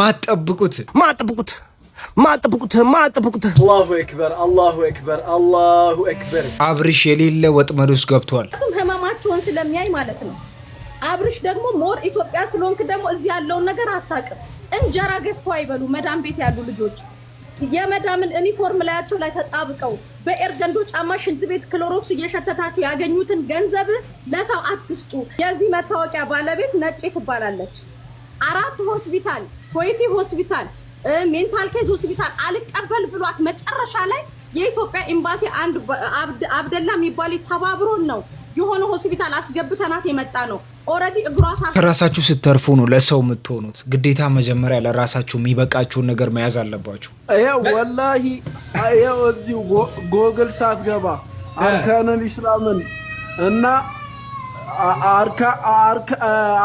ማጠብቁት ማጠብቁት ማጠብቁት ማጠብቁት። አላሁ አክበር አላሁ አክበር አላሁ አክበር። አብርሽ የሌለ ወጥመድ ውስጥ ገብቷል። ህመማቸውን ስለሚያይ ማለት ነው። አብርሽ ደግሞ ሞር ኢትዮጵያ ስለሆንክ ደግሞ እዚህ ያለውን ነገር አታውቅም። እንጀራ ገዝቶ አይበሉ መዳም ቤት ያሉ ልጆች የመዳምን ዩኒፎርም ላያቸው ላይ ተጣብቀው በኤርገንዶ ጫማ ሽንት ቤት ክሎሮክስ እየሸተታችሁ ያገኙትን ገንዘብ ለሰው አትስጡ። የዚህ መታወቂያ ባለቤት ነጭ ትባላለች። አራት ሆስፒታል ኮይቲ ሆስፒታል፣ ሜንታል ኬዝ ሆስፒታል አልቀበል ብሏት መጨረሻ ላይ የኢትዮጵያ ኤምባሲ አንድ አብደላ የሚባል ተባብሮን ነው የሆነ ሆስፒታል አስገብተናት የመጣ ነው። ኦልሬዲ እግሯ ከራሳችሁ ስተርፉ ነው ለሰው የምትሆኑት። ግዴታ መጀመሪያ ለራሳችሁ የሚበቃችሁን ነገር መያዝ አለባችሁ። ይኸው ወላሂ ይኸው እዚሁ ጎግል ሳትገባ አርካነል ኢስላምን እና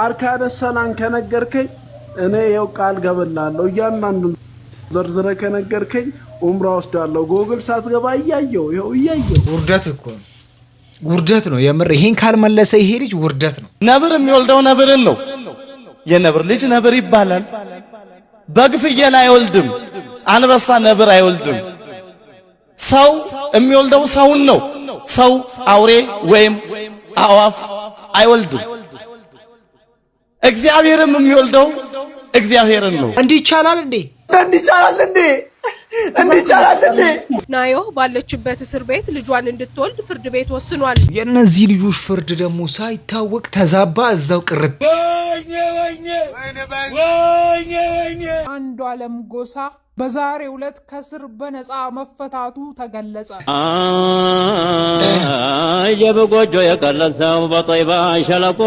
አርካነ ሰላን ከነገርከኝ እኔ ይኸው ቃል ገበላለሁ። እያንዳንዱ ዘርዝረ ከነገርከኝ ኡምራ ወስዳለሁ። ጎግል ሳትገባ እያየው ይኸው እያየው። ውርደት እኮ ነው፣ ውርደት ነው የምር። ይሄን ካልመለሰ ይሄ ልጅ ውርደት ነው። ነብር የሚወልደው ነብርን ነው። የነብር ልጅ ነብር ይባላል። በግ ፍየል አይወልድም። አንበሳ ነብር አይወልድም። ሰው የሚወልደው ሰውን ነው። ሰው አውሬ ወይም አእዋፍ አይወልድም። እግዚአብሔርም የሚወልደው እግዚአብሔርን ነው። እንዲህ ይቻላል እንዴ? እንዲህ ይቻላል እንዴ? እንዲህ ይቻላል እንዴ? ናዮ ባለችበት እስር ቤት ልጇን እንድትወልድ ፍርድ ቤት ወስኗል። የእነዚህ ልጆች ፍርድ ደግሞ ሳይታወቅ ተዛባ፣ እዛው ቅርት። አንዱ አለም ጎሳ በዛሬው ዕለት ከስር በነፃ መፈታቱ ተገለጸ። የበጎጆ የቀለሰው በጠይባ ሸለቆ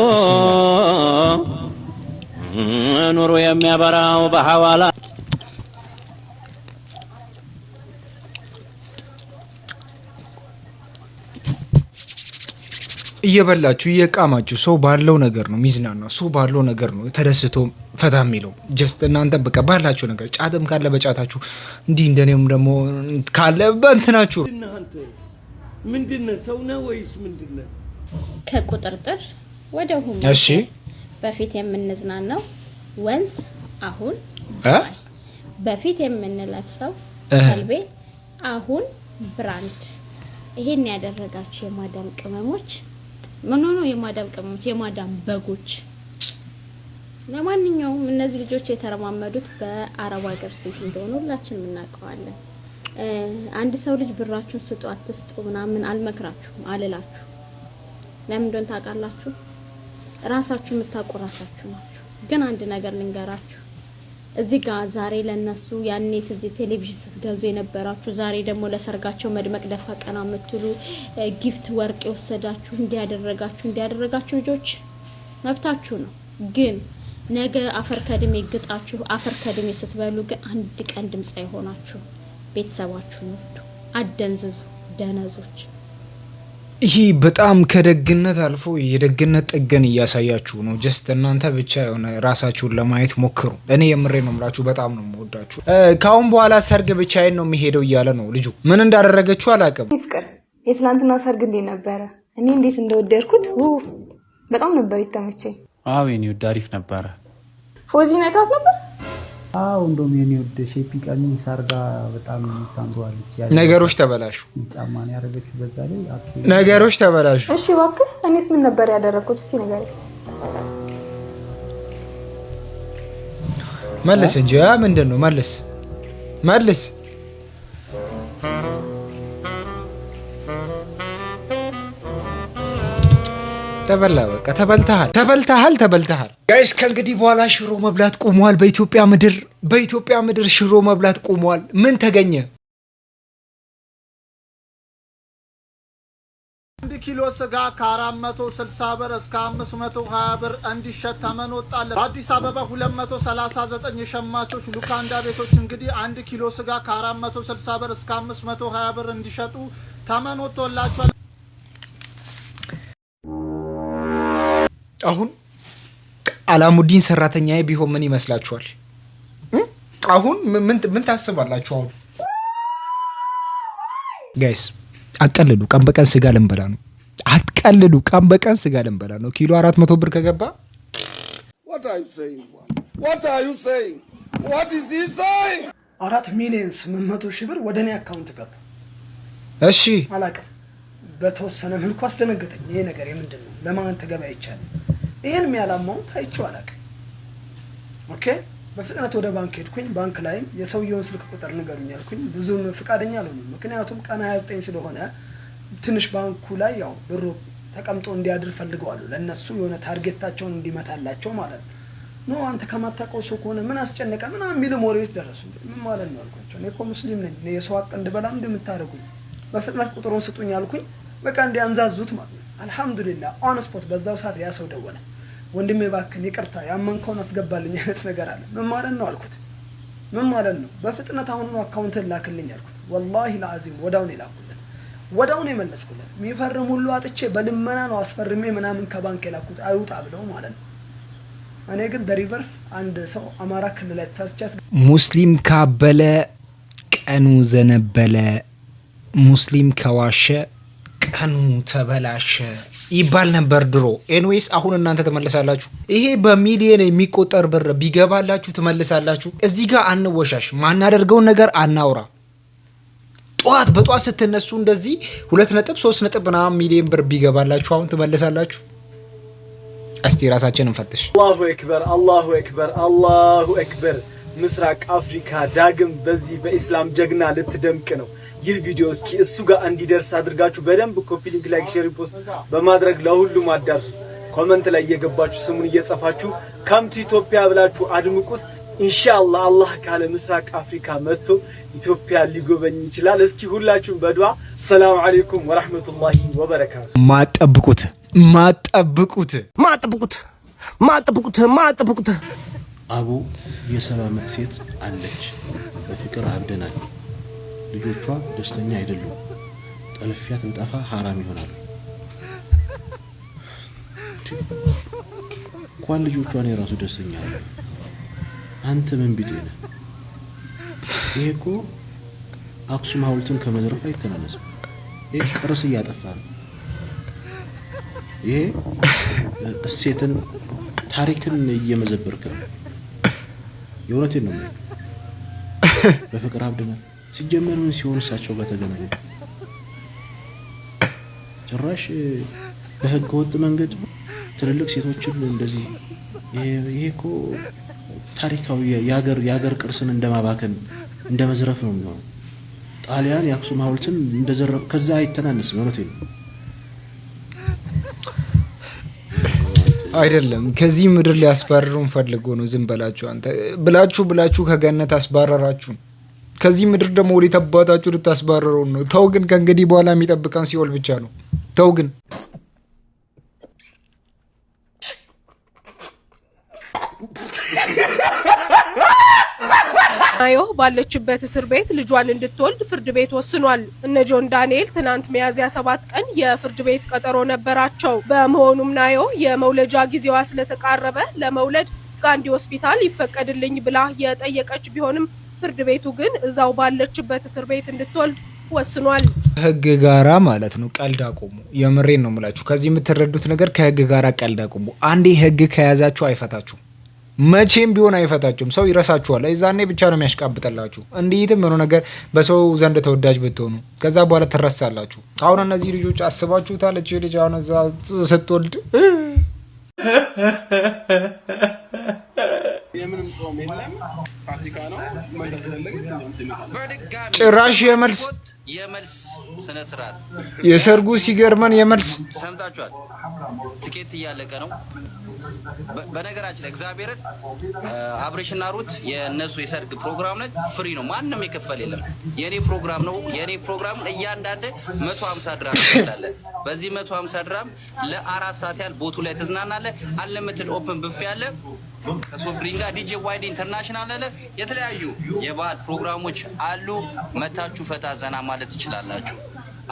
ኑሩ የሚያበራው በሐዋላ እየበላችሁ እየቃማችሁ ሰው ባለው ነገር ነው ሚዝናና ሰው ባለው ነገር ነው ተደስቶ ፈታ የሚለው ጀስት እናንተ በቃ ባላችሁ ነገር ጫትም ካለ በጫታችሁ እንዲህ እንደኔም ደግሞ ካለ በእንትናችሁ ምንድነ ሰው ነህ ወይስ ምንድነ? ከቁጥርጥር ወደ እሺ በፊት የምንዝናነው ወንዝ አሁን በፊት የምንለብሰው ሰልቤ አሁን ብራንድ። ይሄን ያደረጋችሁ የማዳም ቅመሞች ምን ሆኖ የማዳም ቅመሞች የማዳም በጎች። ለማንኛውም እነዚህ ልጆች የተረማመዱት በአረብ ሀገር ሴት እንደሆነ ሁላችንም እናውቀዋለን። አንድ ሰው ልጅ ብራችሁን ስጡ አትስጡ ምናምን አልመክራችሁም አልላችሁ። ለምን እንደሆነ ታውቃላችሁ? ራሳችሁ የምታውቁ ራሳችሁ ናችሁ። ግን አንድ ነገር ልንገራችሁ። እዚህ ጋር ዛሬ ለነሱ ያኔ እዚህ ቴሌቪዥን ስትገዙ የነበራችሁ ዛሬ ደግሞ ለሰርጋቸው መድመቅ ደፋ ቀና የምትሉ ጊፍት ወርቅ የወሰዳችሁ እንዲያደረጋችሁ እንዲያደረጋችሁ ልጆች መብታችሁ ነው። ግን ነገ አፈር ከድሜ ግጣችሁ አፈር ከድሜ ስትበሉ ግን አንድ ቀን ድምፅ የሆናችሁ ቤተሰባችሁን ወዱ፣ አደንዝዙ፣ ደነዞች ይሄ በጣም ከደግነት አልፎ የደግነት ጥገን እያሳያችሁ ነው። ጀስት እናንተ ብቻ የሆነ ራሳችሁን ለማየት ሞክሩ። እኔ የምሬ ነው የምላችሁ፣ በጣም ነው የምወዳችሁ። ከአሁን በኋላ ሰርግ ብቻዬን ነው የሚሄደው እያለ ነው ልጁ። ምን እንዳደረገችው አላውቅም። ፍቅር፣ የትናንትና ሰርግ እንዴት ነበረ? እኔ እንዴት እንደወደድኩት በጣም ነበር የተመቸኝ። አዎ የኔ ውድ፣ አሪፍ ነበረ። ፎዚ ነካፍ ነበር አዎ እንደውም የኔ ወደ ሼፒ ቀሚስ አርጋ በጣም ነገሮች ተበላሹ። ጫማ ያደረገችው። በዛ ላይ ነገሮች ተበላሹ። እሺ እባክህ፣ እኔስ ምን ነበር ያደረግኩት? እስቲ ንገረኝ መልስ እንጂ። ምንድን ነው መልስ መልስ ተበላ በቃ ተበልተሃል፣ ተበልተሃል፣ ጋይስ ከእንግዲህ በኋላ ሽሮ መብላት ቆሟል። በኢትዮጵያ ምድር በኢትዮጵያ ምድር ሽሮ መብላት ቆሟል። ምን ተገኘ? አንድ ኪሎ ስጋ ከ460 ብር እስከ 520 ብር እንዲሸጥ ተመን በአዲስ አበባ 239 የሸማቾች ሉካንዳ ቤቶች እንግዲህ አንድ ኪሎ ስጋ ከ460 ብር እስከ 520 ብር እንዲሸጡ ተመን ወጥቶላቸዋል። አሁን አላሙዲን ሰራተኛ ቢሆን ምን ይመስላችኋል? አሁን ምን ታስባላችሁ? አሁን ጋይስ አቀልሉ። ቀን በቀን ስጋ ልንበላ ነው። አቀልሉ። ቀን በቀን ስጋ ልንበላ ነው። ኪሎ አራት መቶ ብር ከገባ አራት ሚሊዮን ስምንት መቶ ሺህ ብር ወደ እኔ አካውንት ገባ። እሺ አላቅም። በተወሰነ መልኩ አስደነገጠኝ። ይሄ ነገር የምንድን ነው? ለማን ተገባ ይቻላል ይሄን የሚያላማውን ታይቼው አላውቅም። ኦኬ በፍጥነት ወደ ባንክ ሄድኩኝ። ባንክ ላይም የሰውየውን ስልክ ቁጥር ንገሩኝ ያልኩኝ ብዙም ፍቃደኛ አልሆኑም። ምክንያቱም ቀን 29 ስለሆነ ትንሽ ባንኩ ላይ ያው ብሩ ተቀምጦ እንዲያድር ፈልገዋሉ። ለእነሱ የሆነ ታርጌታቸውን እንዲመታላቸው ማለት ነው። ኖ አንተ ከማታውቀው ሰው ከሆነ ምን አስጨነቀ ምናምን የሚሉ ወሬዎች ደረሱ። ምን ማለት ነው አልኳቸው። እኔ እኮ ሙስሊም ነኝ፣ እኔ የሰው ሀቅ እንድበላ እንደምታደርጉኝ በፍጥነት ቁጥሩን ስጡኝ አልኩኝ። በቃ እንዲያንዛዙት ማለት ነው። አልሐምዱሊላ ኦን ስፖት በዛው ሰዓት ያ ሰው ደወለ። ወንድሜ እባክህን ይቅርታ ያመንከውን አስገባልኝ አይነት ነገር አለ። ምን ማለት ነው አልኩት። ምን ማለት ነው? በፍጥነት አሁኑ አካውንትን ላክልኝ አልኩት። ወላሂ ለአዚም ወዳውን የላኩለት ወዳውን የመለስኩለት የሚፈርም ሁሉ አጥቼ በልመና ነው አስፈርሜ ምናምን ከባንክ የላኩት አይውጣ ብለው ማለት ነው። እኔ ግን ደሪቨርስ አንድ ሰው አማራ ክልል ላይ ተሳስቻ ሙስሊም ካበለ ቀኑ ዘነበለ፣ ሙስሊም ከዋሸ ቀኑ ተበላሸ። ይባል ነበር ድሮ። ኤንዌይስ አሁን እናንተ ትመልሳላችሁ። ይሄ በሚሊየን የሚቆጠር ብር ቢገባላችሁ ትመልሳላችሁ። እዚህ ጋር አንወሻሽ፣ ማናደርገውን ነገር አናውራ። ጠዋት በጠዋት ስትነሱ እንደዚህ ሁለት ነጥብ ሶስት ነጥብ ምናምን ሚሊየን ብር ቢገባላችሁ አሁን ትመልሳላችሁ? እስቲ ራሳችን እንፈትሽ። አላሁ አክበር፣ አላሁ አክበር፣ አላሁ አክበር። ምስራቅ አፍሪካ ዳግም በዚህ በኢስላም ጀግና ልትደምቅ ነው። ይህ ቪዲዮ እስኪ እሱ ጋር እንዲደርስ አድርጋችሁ በደንብ ኮፒ ሊንክ፣ ላይክ፣ ሼር፣ ፖስት በማድረግ ለሁሉም አዳርሱ። ኮመንት ላይ እየገባችሁ ስሙን እየጸፋችሁ ከምቱ ኢትዮጵያ ብላችሁ አድምቁት። ኢንሻአላህ አላህ ካለ ምስራቅ አፍሪካ መጥቶ ኢትዮጵያ ሊጎበኝ ይችላል። እስኪ ሁላችሁም በዱዓ ሰላም አለይኩም ወራህመቱላሂ ወበረካቱ። ማጠብቁት ማጠብቁት ማጠብቁት ማጠብቁት ማጠብቁት አቡ የሰባ ዓመት ሴት አለች። በፍቅር አብደናል። ልጆቿ ደስተኛ አይደሉም። ጠልፊያት እንጠፋ ሀራም ይሆናሉ። እንኳን ልጆቿን የራሱ ደስተኛ አለ። አንተ ምን ቢጤ ነህ? ይሄ እኮ አክሱም ሐውልትን ከመዝረፍ አይተናነስም። ይሄ ቅርስ እያጠፋ ነው። ይሄ እሴትን፣ ታሪክን እየመዘበርክ ነው። የእውነቴን ነው። በፍቅር አብድናል። ሲጀመር ምን ሲሆን እሳቸው ጋር ተገናኘ? ጭራሽ በህገ ወጥ መንገድ ትልልቅ ሴቶችን እንደዚህ ይሄ እኮ ታሪካዊ የሀገር የሀገር ቅርስን እንደማባከን እንደ መዝረፍ ነው የሚሆነው። ጣሊያን የአክሱም ሐውልትን እንደዘረ ከዛ አይተናነስም። እውነቴን ነው አይደለም ከዚህ ምድር ሊያስባርሩን ፈልጎ ነው። ዝም በላችሁ አንተ ብላችሁ ብላችሁ ከገነት አስባረራችሁ። ከዚህ ምድር ደግሞ ወደ ተባታችሁ ልታስባረረውን ነው? ተው ግን፣ ከእንግዲህ በኋላ የሚጠብቀን ሲኦል ብቻ ነው። ተው ግን ናዮ ባለችበት እስር ቤት ልጇን እንድትወልድ ፍርድ ቤት ወስኗል። እነ ጆን ዳንኤል ትናንት ሚያዝያ ሰባት ቀን የፍርድ ቤት ቀጠሮ ነበራቸው። በመሆኑም ናዮ የመውለጃ ጊዜዋ ስለተቃረበ ለመውለድ ጋንዲ ሆስፒታል ይፈቀድልኝ ብላ የጠየቀች ቢሆንም ፍርድ ቤቱ ግን እዛው ባለችበት እስር ቤት እንድትወልድ ወስኗል። ከህግ ጋራ ማለት ነው። ቀልድ አቁሙ። የምሬን ነው ምላችሁ። ከዚህ የምትረዱት ነገር ከህግ ጋራ ቀልድ አቁሙ። አንዴ ህግ ከያዛችሁ አይፈታችሁም፣ መቼም ቢሆን አይፈታችሁም። ሰው ይረሳችኋል። የዛኔ ብቻ ነው የሚያሽቃብጠላችሁ። እንዲትም የሆነ ነገር በሰው ዘንድ ተወዳጅ ብትሆኑ ከዛ በኋላ ትረሳላችሁ። አሁን እነዚህ ልጆች አስባችሁታል። ልጅ አሁን እዛ ስትወልድ የምንም ጾም የለም። ፋሲካ ነው። በድጋሚ የመልስ ስነ ስርዓት የሰርጉ ሲገርመን የመልስ ሰምታችኋል። ትኬት እያለቀ ነው። በነገራችን ላይ እግዚአብሔርን አብሬሽና ሩት የእነሱ የሰርግ ፕሮግራም ነች። ፍሪ ነው፣ ማንም የከፈል የለም። የእኔ ፕሮግራም ነው። የእኔ ፕሮግራም እያንዳንድ መቶ ሀምሳ ድራም ይላለ። በዚህ መቶ ሀምሳ ድራም ለአራት ሰዓት ያህል ቦቱ ላይ ትዝናናለ። አንሊሚትድ ኦፕን ብፌ አለ። ከሶፍት ዲጄ ዋይድ ኢንተርናሽናል አለ። የተለያዩ የባህል ፕሮግራሞች አሉ። መታችሁ ፈታ ዘና ማለት ትችላላችሁ።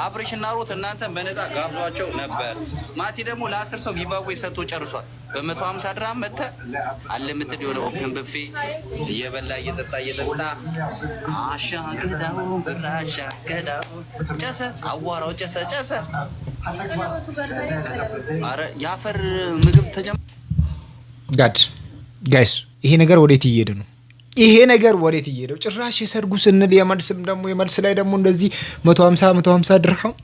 አብሬሽ ሮት ሩት እናንተ በነፃ ጋብዟቸው ነበር። ማቲ ደግሞ ለአስር ሰው ጊባዌ ሰጥቶ ጨርሷል። በመቶ ሀምሳ ድራም መተ አለ ምትል የሆነ ኦፕን ብፌ እየበላ እየጠጣ እየጠጣ አሻ ገዳው ብራሻ ገዳው ጨሰ፣ አዋራው ጨሰ ጨሰ። አረ የአፈር ምግብ ተጀመ ጋድ ጋይስ፣ ይሄ ነገር ወዴት እየሄደ ነው? ይሄ ነገር ወዴት እየሄደው ጭራሽ የሰርጉ ስንል የመልስም ደግሞ የመልስ ላይ ደግሞ እንደዚህ መቶ ሀምሳ መቶ ሀምሳ ድርሃም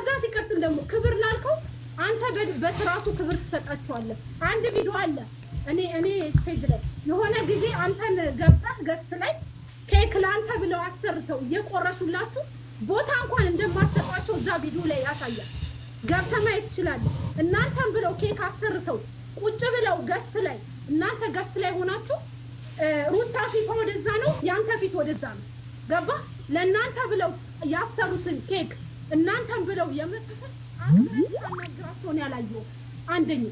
እዛ ሲቀጥል ደግሞ ክብር ላልከው አንተ በስርዓቱ ክብር ትሰጣችኋለህ። አንድ ቪዲዮ አለ እኔ እኔ ፔጅ ላይ የሆነ ጊዜ አንተን ገብተህ ገስት ላይ ኬክ ለአንተ ብለው አሰርተው እየቆረሱላችሁ ቦታ እንኳን እንደማሰጧቸው እዛ ቪዲዮ ላይ ያሳያል። ገብተህ ማየት ትችላለህ። እናንተን ብለው ኬክ አሰርተው ቁጭ ብለው ገስት ላይ እናንተ ገስት ላይ ሆናችሁ ሩታ ፊት ወደዛ ነው፣ ያንተ ፊት ወደዛ ነው። ገባ ለእናንተ ብለው ያሰሩትን ኬክ እናንተን ብለው የምትፍል አክብረሽ አናግራቸውን ያላየው አንደኝ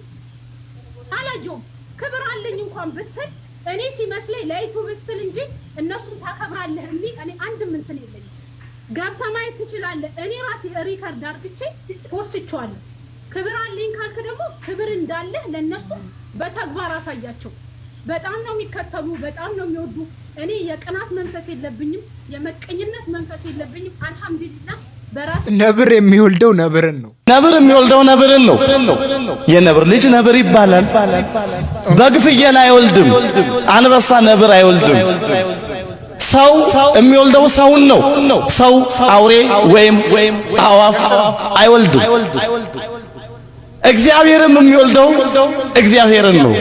አላየውም። ክብር አለኝ እንኳን ብትል እኔ ሲመስለኝ ለይቱ ብስትል እንጂ እነሱን ታከብራለህ የሚል እኔ አንድም እንትን የለኝም። ገብተህ ማየት ትችላለህ። እኔ ራሴ ሪከርድ አድርግቼ ወስቼዋለሁ። ክብር አለኝ ካልክ ደግሞ ክብር እንዳለህ ለእነሱ በተግባር አሳያቸው። በጣም ነው የሚከተሉ፣ በጣም ነው የሚወዱ። እኔ የቅናት መንፈስ የለብኝም፣ የመቀኝነት መንፈስ የለብኝም። አልሐምዱሊላ ነብር የሚወልደው ነብርን ነው። ነብር የሚወልደው ነብርን ነው። የነብር ልጅ ነብር ይባላል። በግ ፍየል አይወልድም፣ አንበሳ ነብር አይወልድም። ሰው የሚወልደው ሰውን ነው። ሰው አውሬ ወይም አዋፍ አይወልድም። እግዚአብሔርም የሚወልደው እግዚአብሔርን ነው።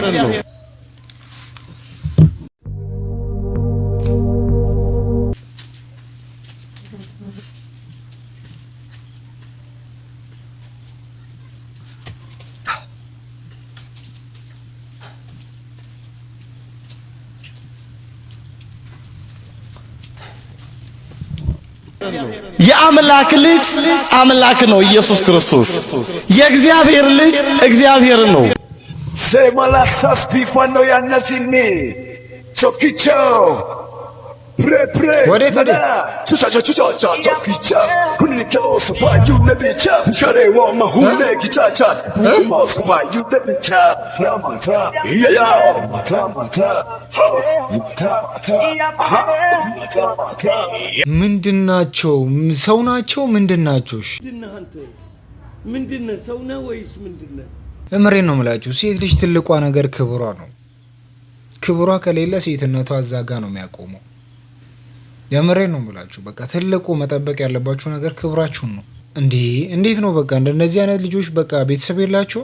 የአምላክ ልጅ አምላክ ነው ኢየሱስ ክርስቶስ። የእግዚአብሔር ልጅ እግዚአብሔር ነው። Sema las aspi cuando ወዴት ወዴት ምንድን ናቸው? ሰው ናቸው? ምንድን ናቸው? ምንድን ነው የምላችሁ። ሴት ልጅ ትልቋ ነገር ክብሯ ነው። ክብሯ ከሌለ ሴትነቷ አዛጋ ነው የሚያቆመው። የምሬ ነው ብላችሁ በቃ ትልቁ መጠበቅ ያለባችሁ ነገር ክብራችሁን ነው። እንዴ እንዴት ነው በቃ እንደነዚህ አይነት ልጆች በቃ ቤተሰብ የላቸው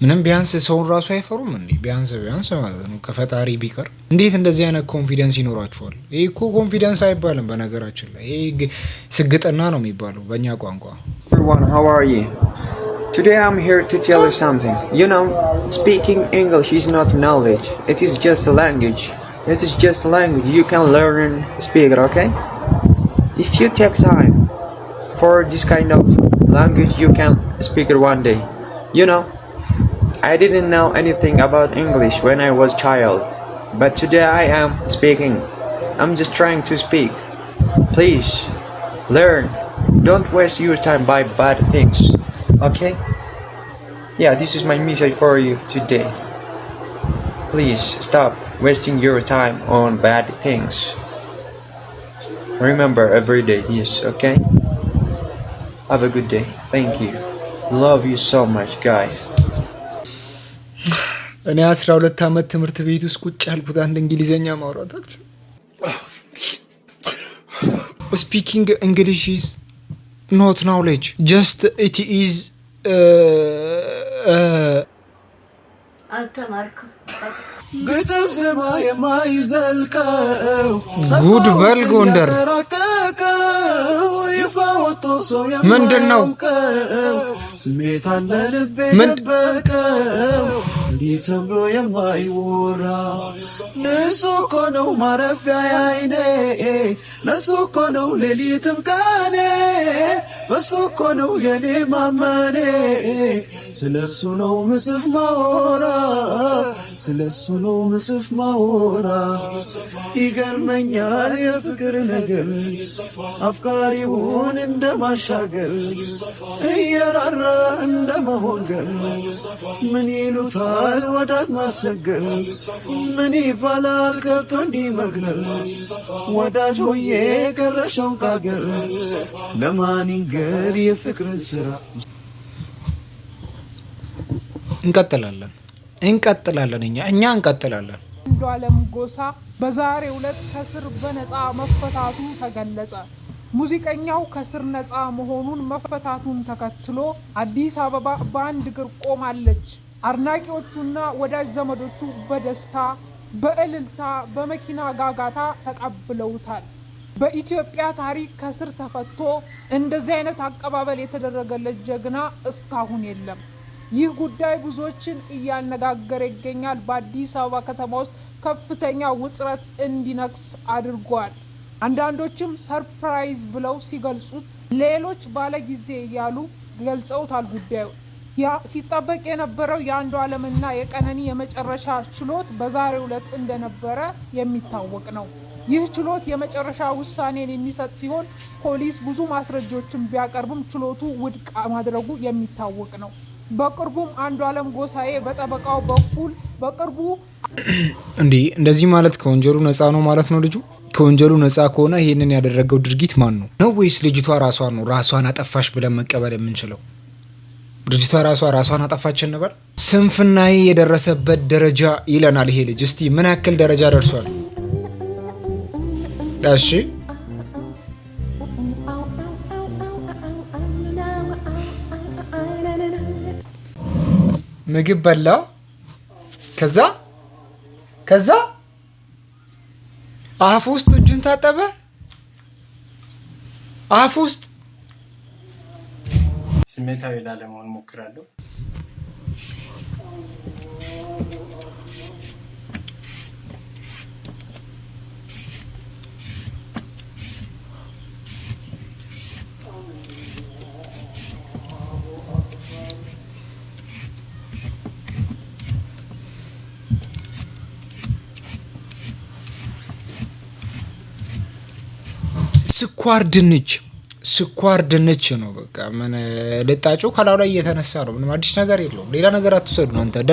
ምንም ቢያንስ ሰውን ራሱ አይፈሩም እንዴ? ቢያንስ ቢያንስ ማለት ነው ከፈጣሪ ቢቀር እንዴት እንደዚህ አይነት ኮንፊደንስ ይኖራችኋል? ይህ እኮ ኮንፊደንስ አይባልም በነገራችን ላይ ይህ ስግጥና ነው የሚባለው በእኛ ቋንቋ። Today I'm here to tell you something. You know, speaking English is not knowledge. It is just a language. It is just language you can learn speak it, okay? If you take time for this kind of language, you can speak it one day. You know, I didn't know anything about English when I was child, but today I am speaking. I'm just trying to speak. Please learn. Don't waste your time by bad things. Okay? Yeah, this is my message for you today. Please stop wasting your time on bad things. Remember every day yes, okay? Have a good day. Thank you. Love you so much, guys. እኔ አስራ ሁለት ዓመት ትምህርት ቤት ውስጥ ቁጭ ያልኩት አንድ እንግሊዝኛ ማውራታችን ስፒኪንግ እንግሊሽ ኢዝ ኖት ናውሌጅ ጀስት ኢት ኢዝ አልተማርኩም ግጥም ዜማ የማይዘልቀው ጉድ በል ጎንደር ምንድን ነው ስሜት አለ ልቤ ደበቀው እንዲህ ተብሎ የማይወራ ለሱ እኮ ነው ማረፊያ አይኔ ነሱ እኮ ነው ሌሊትም ቀኔ በሱ እኮ ነው የኔ ማመኔ ስለሱ ነው ምስፍ ማወራ ስለሱ ነው ምጽፍ ማወራ ይገርመኛል የፍቅር ነገር አፍቃሪውን እንደ ማሻገር እየራራ እንደ መሆንገር ምን ይሉታል ወዳት ማስቸገር ምን ይባላል ከቶ እንዲህ መግለል ወዳጅ ሆዬ ቀረሸው ካገር ለማን ይንገር የፍቅርን ስራ እንቀጥላለን። እንቀጥላለን። እኛ እኛ እንቀጥላለን። አንዷለም ጎሳ በዛሬ ዕለት ከስር በነፃ መፈታቱ ተገለጸ። ሙዚቀኛው ከስር ነፃ መሆኑን መፈታቱን ተከትሎ አዲስ አበባ በአንድ እግር ቆማለች። አድናቂዎቹና ወዳጅ ዘመዶቹ በደስታ በእልልታ በመኪና ጋጋታ ተቀብለውታል። በኢትዮጵያ ታሪክ ከስር ተፈቶ እንደዚህ አይነት አቀባበል የተደረገለት ጀግና እስካሁን የለም። ይህ ጉዳይ ብዙዎችን እያነጋገረ ይገኛል። በአዲስ አበባ ከተማ ውስጥ ከፍተኛ ውጥረት እንዲነክስ አድርጓል። አንዳንዶችም ሰርፕራይዝ ብለው ሲገልጹት፣ ሌሎች ባለጊዜ እያሉ ገልጸውታል። ጉዳዩ ሲጠበቅ የነበረው አለምና የቀነኒ የመጨረሻ ችሎት በዛሬው ዕለት እንደነበረ የሚታወቅ ነው። ይህ ችሎት የመጨረሻ ውሳኔን የሚሰጥ ሲሆን ፖሊስ ብዙ ማስረጃዎችን ቢያቀርብም ችሎቱ ውድቅ ማድረጉ የሚታወቅ ነው። በቅርቡም አንዱ አለም ጎሳዬ በጠበቃው በኩል በቅርቡ እንዲህ እንደዚህ ማለት ከወንጀሉ ነፃ ነው ማለት ነው ልጁ ከወንጀሉ ነፃ ከሆነ ይህንን ያደረገው ድርጊት ማን ነው ነው ወይስ ልጅቷ ራሷ ነው ራሷን አጠፋሽ ብለን መቀበል የምንችለው ድርጅቷ ራሷ ራሷን አጠፋችን ነበር ስንፍናዬ የደረሰበት ደረጃ ይለናል ይሄ ልጅ እስቲ ምን ያክል ደረጃ ደርሷል እሺ ምግብ በላ። ከዛ ከዛ አፍ ውስጥ እጁን ታጠበ። አፍ ውስጥ ስሜታዊ ላለመሆን ሞክራለሁ። ስኳር ድንች ስኳር ድንች ነው። በቃ ምን ልጣጩ ከላው ላይ እየተነሳ ነው። ምንም አዲስ ነገር የለውም። ሌላ ነገር አትውሰዱ ነው አንተ።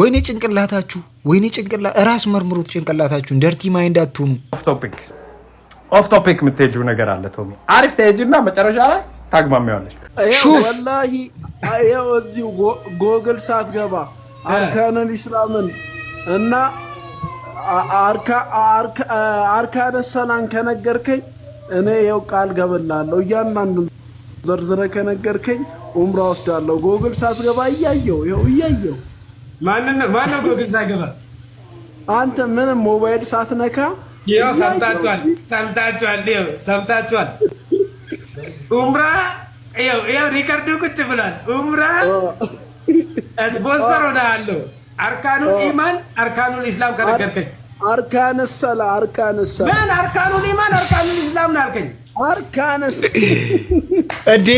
ወይኔ ጭንቅላታችሁ፣ ወይኔ ጭንቅላ እራስ መርምሩት ጭንቅላታችሁን። ደርቲ ማይንድ አትሆኑ። ኦፍ ቶፒክ ኦፍ ቶፒክ የምትሄጂው ነገር አለ ቶሚ። አሪፍ ተሄጂና መጨረሻ ላይ ታግማሚዋለች። ወላሂ ይኸው እዚሁ ጎግል ሳትገባ አርካነል ኢስላምን እና አርካነ ሰላን ከነገርከኝ እኔ የው ቃል ገበላለሁ እያንዳንዱን ዘርዝረ ከነገርከኝ ኡምራ ወስዳለሁ። ጎግል ሳትገባ እያየው ይኸው እያየው ማንነው ማንነው ጎግል አንተ ምንም ሞባይል ሳትነካ ይኸው ሰምታችኋል፣ ሰምታችኋል፣ ይኸው ሰምታችኋል። ኡምራ ይኸው ይኸው ሪከርዱ ቁጭ ብሏል። ኡምራ ስፖንሰር ሆነሃለሁ። አርካኑል ኢማን አርካኑል ኢስላም ከነገርከኝ አርካን ሰላ አርካን ሰላ ምን አርካኑል ኢማን አርካኑል ኢስላም ነው ያልከኝ? አርካነስ እንዴ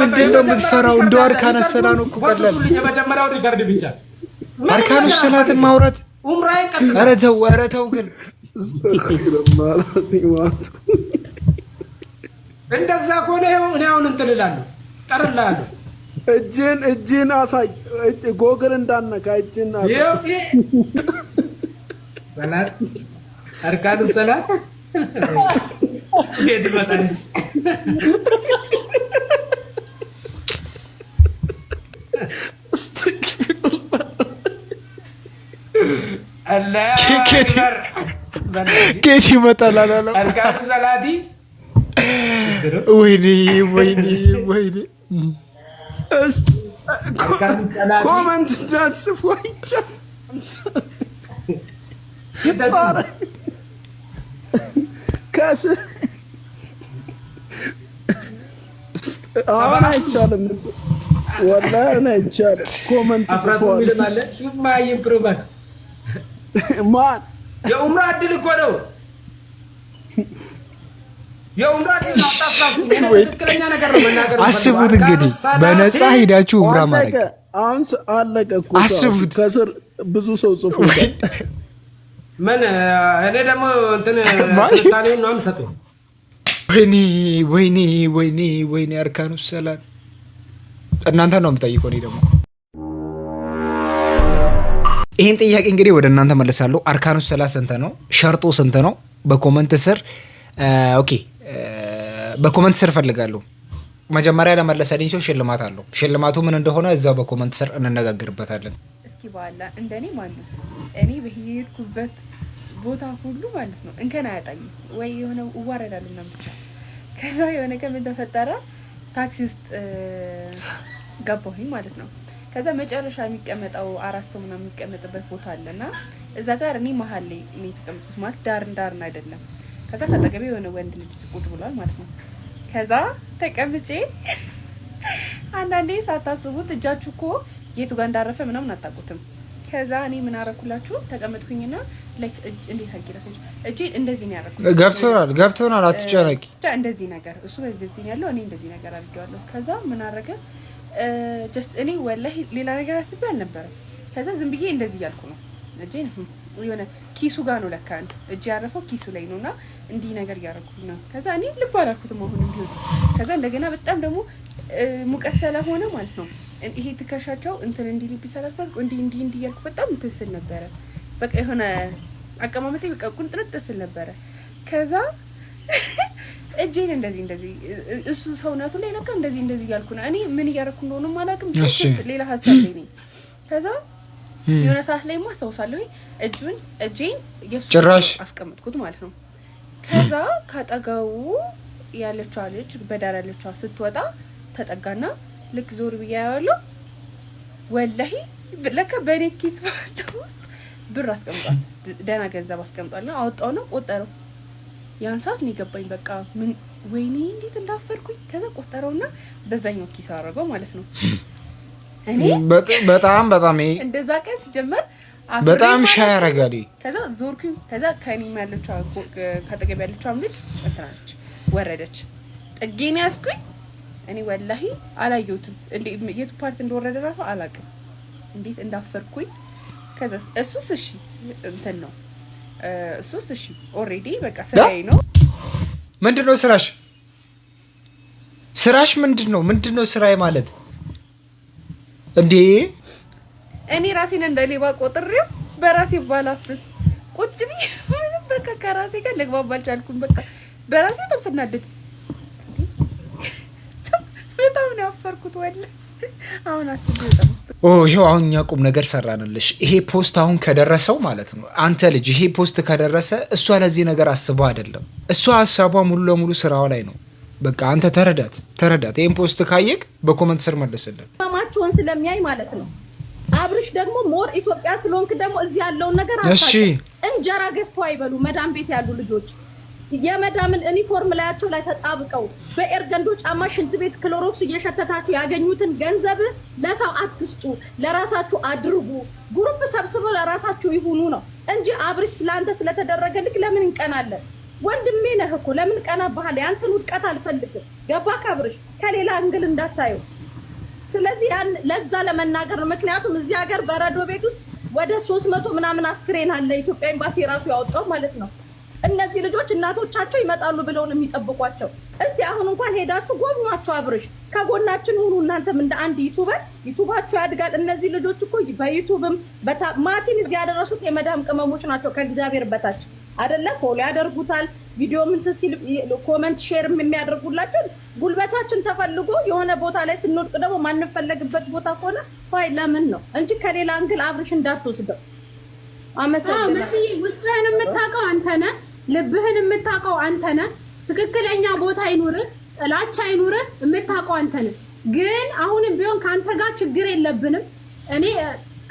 ምንድን ነው የምትፈራው? እንደ አርካነ ሰላ ነው እኮ ቀላል። የመጀመሪያው ሪከርድ ብቻ አርካኑ ሰላትን ማውራት ኡምራዬን ቀጥል። ኧረ ተው ኧረ ተው ግን እንደዛ ከሆነ እኔ አሁን እንትን እላለሁ ቀርላለሁ። እጅን እጅን አሳይ፣ ጎግል እንዳነካ እጅን አሳይ ሰላት አርካኑ ሰላት እንዴት ይመጣል? ኬት ይመጣል አላለም። ወይኔ ወይኔ ወይኔ ኮመንት እንዳትጽፉ አይቻልም። አሁን አይቻልም። ወላሂ አይቻልም። ኮመንት ማን የኡምራ እድል እኮ ነው። አስቡት እንግዲህ በነፃ ሄዳችሁ ኡምራ ማድረግ አሁን አለቀ እኮ አስቡት። ከስር ብዙ ሰው ጽፎ ምን እኔ ደግሞ እንትን ታኔን ነው ምሰጡ። ወይኔ ወይኔ ወይኔ ወይኔ አርካኑ ሰላት እናንተ ነው የምጠይቀው። እኔ ደግሞ ይህን ጥያቄ እንግዲህ ወደ እናንተ መለሳለሁ። አርካኑስ ሰላ ስንት ነው? ሸርጦ ስንት ነው? በኮመንት ስር ኦኬ፣ በኮመንት ስር እፈልጋለሁ። መጀመሪያ ለመለሰልኝ ሰው ሽልማት አለው። ሽልማቱ ምን እንደሆነ እዛው በኮመንት ስር እንነጋገርበታለን። በኋላ እንደኔ ማን ነው እኔ በሄድኩበት ቦታ ሁሉ ማለት ነው እንከን አያጣኝም ወይ የሆነ እዋረዳለሁ ምናምን ብቻ። ከዛ የሆነ ከምን ተፈጠረ ታክሲ ውስጥ ገባሁኝ ማለት ነው። ከዛ መጨረሻ የሚቀመጠው አራት ሰው ምናምን የሚቀመጥበት ቦታ አለ እና እዛ ጋር እኔ መሀል ላይ ነው የተቀመጥኩት ማለት ዳርን ዳርን አይደለም። ከዛ ከጠገቤ የሆነ ወንድ ልጅ ቁጭ ብሏል ማለት ነው። ከዛ ተቀምጬ አንዳንዴ ሳታስቡት እጃችሁ እኮ የቱ ጋር እንዳረፈ ምናምን አታውቁትም። ከዛ እኔ ምን አረኩላችሁ ተቀመጥኩኝና እንዴት አድርጌ ላሳያችሁ። እጄ እንደዚህ ነው ያደረኩት። ገብቶናል ገብቶናል፣ አትጨነቂ። እንደዚህ ነገር እሱ በዚህ ያለው እኔ እንደዚህ ነገር አድርጌዋለሁ። ከዛ ምን አረገ ጀስት እኔ ወላሂ ሌላ ነገር አስቤ አልነበረም። ከዛ ዝም ብዬ እንደዚህ እያልኩ ነው እጄ የሆነ ኪሱ ጋር ነው ለካ እጅ ያረፈው ኪሱ ላይ ነው እና እንዲህ ነገር እያደረኩኝ ነው። ከዛ እኔ ልብ አላልኩትም አሁን እንዲሆን። ከዛ እንደገና በጣም ደግሞ ሙቀት ስለሆነ ማለት ነው ይሄ ትከሻቸው እንትን እንዲህ ሊቢሳል አልፈልግ እንዲህ እንዲህ እንዲህ እያልኩ በጣም ትስል ስል ነበረ። በቃ የሆነ አቀማመጤ በቃ ቁንጥንጥ ትስል ነበረ። ከዛ እጄን እንደዚህ እንደዚህ እሱ ሰውነቱ ላይ ለካ እንደዚህ እንደዚህ እያልኩ ነው እኔ ምን እያደረኩ እንደሆነም አላውቅም። ሌላ ሀሳብ ላይ ነኝ። ከዛ የሆነ ሰዓት ላይ አስታውሳለሁ እጁን እጄን ጭራሽ አስቀምጥኩት ማለት ነው። ከዛ ካጠገቡ ያለችዋ ልጅ በዳር ያለችዋ ስትወጣ ተጠጋና ልክ ዞር ብዬ አያለሁ። ወላሂ ለካ በእኔ ኪስ ውስጥ ብር አስቀምጧል፣ ደህና ገንዘብ አስቀምጧል። ና አወጣው ነው ቆጠረው። ያን ሰዓት ነው የገባኝ። በቃ ምን ወይኔ እንዴት እንዳፈርኩኝ። ከዛ ቆጠረውና በዛኛው ኪስ አደረገው ማለት ነው። እኔ በጣም በጣም እንደዛ ቀን ሲጀመር በጣም ሻ ያረጋል። ከዛ ዞርኩኝ። ከዛ ከኔ ያለችው ከጠገብ ያለችው ልጅ ወረደች። ጥጌን ያስኩኝ እኔ ወላሂ አላየሁትም። የቱ ፓርት እንደወረደ ራሱ አላውቅም፣ እንዴት እንዳፈርኩኝ። ከዛ እሱስ እሺ እንትን ነው እሱስ እሺ ኦልሬዲ በቃ ስራዬ ነው። ምንድን ነው ስራሽ? ስራሽ ምንድን ነው? ምንድን ነው ስራዬ ማለት እንዴ? እኔ ራሴን እንደሌባ ቆጥሬው በራሴ ባላፍስ ቁጭ ብዬ በቃ ከራሴ ጋር ልግባባ አልቻልኩም። በቃ በራሴ በጣም ስናደድ በጣም ነው ያፈርኩት። ወላሂ አሁን አስቤ ይኸው አሁን እኛ ቁም ነገር ሰራንልሽ። ይሄ ፖስት አሁን ከደረሰው ማለት ነው አንተ ልጅ ይሄ ፖስት ከደረሰ እሷ ለዚህ ነገር አስባ አይደለም። እሷ ሀሳቧ ሙሉ ለሙሉ ስራዋ ላይ ነው። በቃ አንተ ተረዳት ተረዳት። ይህን ፖስት ካየቅ በኮመንት ስር መለስልን ማማቸውን ስለሚያይ ማለት ነው። አብርሽ ደግሞ ሞር ኢትዮጵያ ስለሆንክ ደግሞ እዚህ ያለውን ነገር እንጀራ ገዝቶ አይበሉ መዳም ቤት ያሉ ልጆች የመዳምን ዩኒፎርም ላያቸው ላይ ተጣብቀው በኤርገንዶ ጫማ ሽንት ቤት ክሎሮክስ እየሸተታችሁ ያገኙትን ገንዘብ ለሰው አትስጡ፣ ለራሳችሁ አድርጉ። ጉሩብ ሰብስበው ለራሳችሁ ይሁኑ ነው እንጂ አብሪስ ለአንተ ስለተደረገ ልክ ለምን እንቀናለን? ወንድሜ ነህ እኮ ለምን ቀና ባህል ያንተን ውድቀት አልፈልግም። ገባ ካብርሽ ከሌላ እንግል እንዳታየው። ስለዚህ ያን ለዛ ለመናገር ነው። ምክንያቱም እዚህ ሀገር በረዶ ቤት ውስጥ ወደ ሶስት መቶ ምናምን አስክሬን አለ ኢትዮጵያ ኤምባሲ ራሱ ያወጣው ማለት ነው። እነዚህ ልጆች እናቶቻቸው ይመጣሉ ብለውን የሚጠብቋቸው። እስቲ አሁን እንኳን ሄዳችሁ ጎብኗቸው። አብርሽ ከጎናችን ሁኑ። እናንተም እንደ አንድ ዩቱበር ዩቱባችሁ ያድጋል። እነዚህ ልጆች እኮ በዩቱብም ማቲን እዚህ ያደረሱት የመዳም ቅመሞች ናቸው። ከእግዚአብሔር በታች አደለ? ፎሎ ያደርጉታል። ቪዲዮ ምንት ሲል ኮመንት ሼር የሚያደርጉላቸው ጉልበታችን ተፈልጎ የሆነ ቦታ ላይ ስንወድቅ ደግሞ ማንፈለግበት ቦታ ከሆነ ይ ለምን ነው እንጂ ከሌላ እንግል አብርሽ እንዳትወስደው። አመሰግናለሁ። መስዬ ውስጥህን የምታውቀው አንተ ነህ። ልብህን የምታውቀው አንተ ነህ። ትክክለኛ ቦታ አይኑርህ፣ ጥላቻ አይኑርህ፣ የምታውቀው አንተ ነህ። ግን አሁንም ቢሆን ከአንተ ጋር ችግር የለብንም። እኔ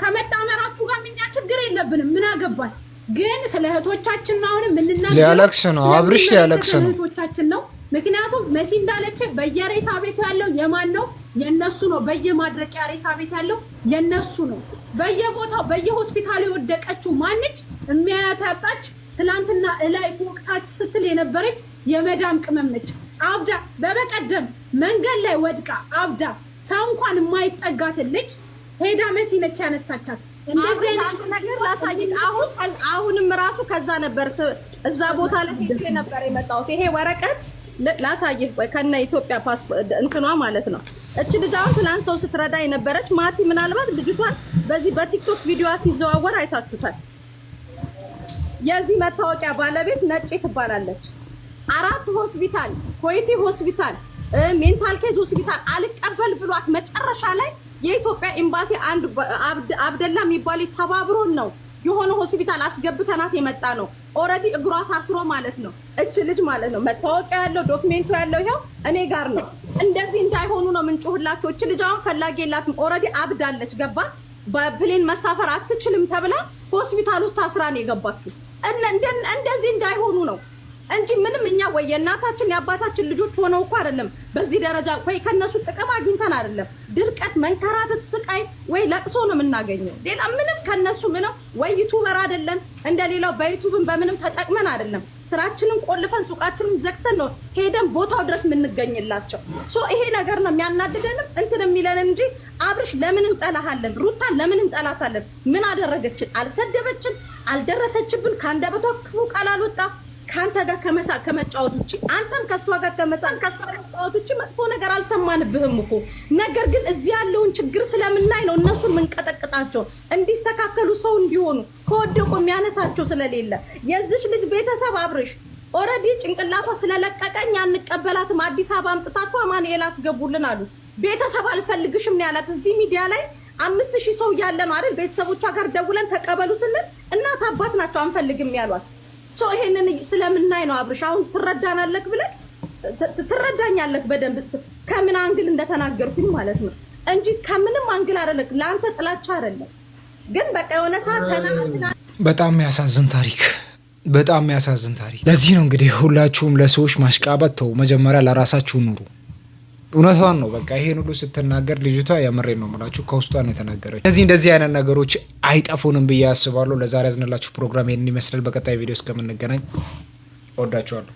ከመጣመራችሁ ጋር ምኛ ችግር የለብንም። ምን አገባል? ግን ስለ እህቶቻችን ነው አሁንም የምንናገረው። ሊያለቅስ ነው አብርሽ፣ ሊያለቅስ ነው። እህቶቻችን ነው ምክንያቱም መሲ እንዳለች በየሬሳ ቤቱ ያለው የማን ነው? የነሱ ነው። በየማድረቂያ ሬሳ ቤት ያለው የነሱ ነው። በየቦታው በየሆስፒታሉ የወደቀችው ማንች የሚያያት ያጣች ትላንትና እላይ ፎቅታች ስትል የነበረች የመዳም ቅመም ነች። አብዳ በበቀደም መንገድ ላይ ወድቃ አብዳ ሰው እንኳን የማይጠጋትን ልጅ ሄዳ መሲ ነች ያነሳቻት። አሁንም ራሱ ከዛ ነበር እዛ ቦታ ላይ ሄጄ ነበር የመጣሁት። ይሄ ወረቀት ላሳይህ ከነ ኢትዮጵያ ፓስፖርት እንትኗ ማለት ነው። እች ልጅ አሁን ትናንት ሰው ስትረዳ የነበረች ማቲ፣ ምናልባት ልጅቷን በዚህ በቲክቶክ ቪዲዮዋ ሲዘዋወር አይታችሁታል። የዚህ መታወቂያ ባለቤት ነጭ ትባላለች። አራት ሆስፒታል፣ ኮይቲ ሆስፒታል፣ ሜንታል ኬዝ ሆስፒታል አልቀበል ብሏት መጨረሻ ላይ የኢትዮጵያ ኤምባሲ አንድ አብደላ የሚባል ተባብሮን ነው የሆነ ሆስፒታል አስገብተናት የመጣ ነው። ኦረዲ እግሯ ታስሮ ማለት ነው እች ልጅ ማለት ነው። መታወቂያ ያለው ዶክሜንቱ ያለው ይኸው እኔ ጋር ነው። እንደዚህ እንዳይሆኑ ነው ምንጮህላቸው። እች ልጅ አሁን ፈላጊ የላትም። ኦረዲ አብዳለች። ገባ በፕሌን መሳፈር አትችልም ተብላ ሆስፒታል ውስጥ ታስራ ነው የገባችሁ። እንደዚህ እንዳይሆኑ ነው እንጂ ምንም እኛ ወይ የእናታችን የአባታችን ልጆች ሆነው እኮ አይደለም በዚህ ደረጃ ወይ ከነሱ ጥቅም አግኝተን አይደለም። ድርቀት፣ መንከራተት፣ ስቃይ ወይ ለቅሶ ነው የምናገኘው። ሌላ ምንም ከነሱ ምንም ወይ ዩቱበር አይደለም እንደ ሌላው በዩቱብን በምንም ተጠቅመን አይደለም። ስራችንን ቆልፈን ሱቃችንን ዘግተን ነው ሄደን ቦታው ድረስ የምንገኝላቸው። ሶ ይሄ ነገር ነው የሚያናድደንም እንትን የሚለን እንጂ አብርሽ ለምን እንጠላሃለን? ሩታን ለምን እንጠላታለን? ምን አደረገችን? አልሰደበችን፣ አልደረሰችብን፣ ከአንደበቷ ክፉ ቃል አልወጣ ከአንተ ጋር ከመሳ ከመጫወት ውጭ አንተም ከእሷ ጋር ከመሳቅ ከእሷ ከመጫወት ውጭ መጥፎ ነገር አልሰማንብህም እኮ። ነገር ግን እዚህ ያለውን ችግር ስለምናይ ነው እነሱ የምንቀጠቅጣቸው እንዲስተካከሉ፣ ሰው እንዲሆኑ ከወደቁ የሚያነሳቸው ስለሌለ የዚች ልጅ ቤተሰብ አብርሽ ኦልሬዲ ጭንቅላቷ ስለለቀቀኝ አንቀበላትም፣ አዲስ አበባ አምጥታችሁ አማኑኤል አስገቡልን አሉ። ቤተሰብ አልፈልግሽም ነው ያላት። እዚህ ሚዲያ ላይ አምስት ሺህ ሰው እያለ ነው አይደል ቤተሰቦቿ ጋር ደውለን ተቀበሉ ስንል እናት አባት ናቸው አንፈልግም ያሏት ሰው ይሄንን ስለምናይ ነው አብርሽ፣ አሁን ትረዳናለክ ብለህ ትረዳኛለክ በደንብ ከምን አንግል እንደተናገርኩኝ ማለት ነው እንጂ ከምንም አንግል አይደለም። ለአንተ ጥላቻ አይደለም፣ ግን በቃ የሆነ ሰዓት ተና በጣም የሚያሳዝን ታሪክ በጣም የሚያሳዝን ታሪክ። ለዚህ ነው እንግዲህ ሁላችሁም ለሰዎች ማሽቃበጥ ተው፣ መጀመሪያ ለራሳችሁ ኑሩ። እውነቷን ነው። በቃ ይሄን ሁሉ ስትናገር ልጅቷ የምሬ ነው የምላችሁ ከውስጧ ነው የተናገረች። እነዚህ እንደዚህ አይነት ነገሮች አይጠፉንም ብዬ አስባለሁ። ለዛሬ ያዝንላችሁ ፕሮግራም ይህንን ይመስላል። በቀጣይ ቪዲዮ እስከምንገናኝ እወዳችኋለሁ።